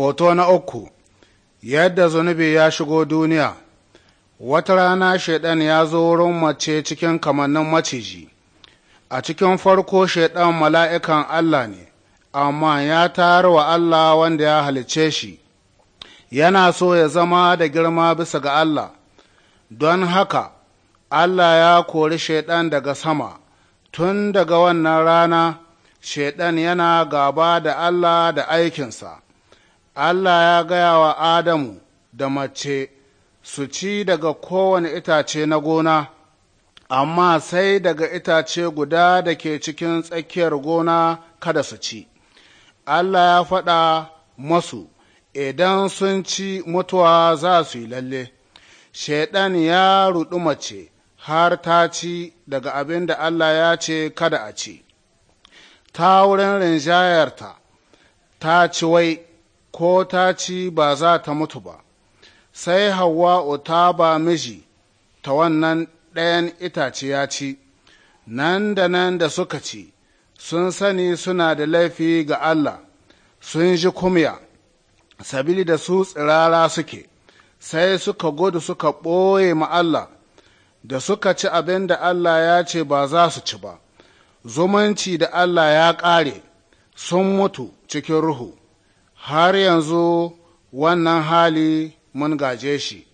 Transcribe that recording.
Foto na uku Yadda zunubi ya shigo duniya Wata rana Shaiɗan ya zo wurin mace cikin kamannin maciji, a cikin farko Shaiɗan mala'ikan Allah ne, amma ya wa Allah wanda ya halice shi, yana so ya zama da girma bisa ga Allah, don haka Allah ya kori Shaiɗan daga sama, tun daga wannan rana Shaiɗan yana gaba da Allah da aikinsa. Allah ya gaya wa Adamu da mace su ci daga kowane itace na gona, amma sai daga itace guda da ke cikin tsakiyar gona kada su ci. Allah ya faɗa masu, idan sun ci mutuwa za su yi lalle. Shaiɗan ya ruɗu mace har ta ci daga abin da Allah ya ce kada a ci. Ta wurin rinjayarta, ta ci wai ko ta ci ba za ta mutu ba, sai Hawwa'u ta ba miji ta wannan ɗayan itace ya ci, nan da nan da suka ci, sun sani suna da laifi ga Allah, sun ji kumya, sabili da su tsirara suke, sai suka gudu suka ɓoye ma Allah, da suka ci abin da Allah ya ce ba za su ci ba, zumunci da Allah ya ƙare, sun mutu cikin ruhu. har yanzu wannan hali mun gaje shi.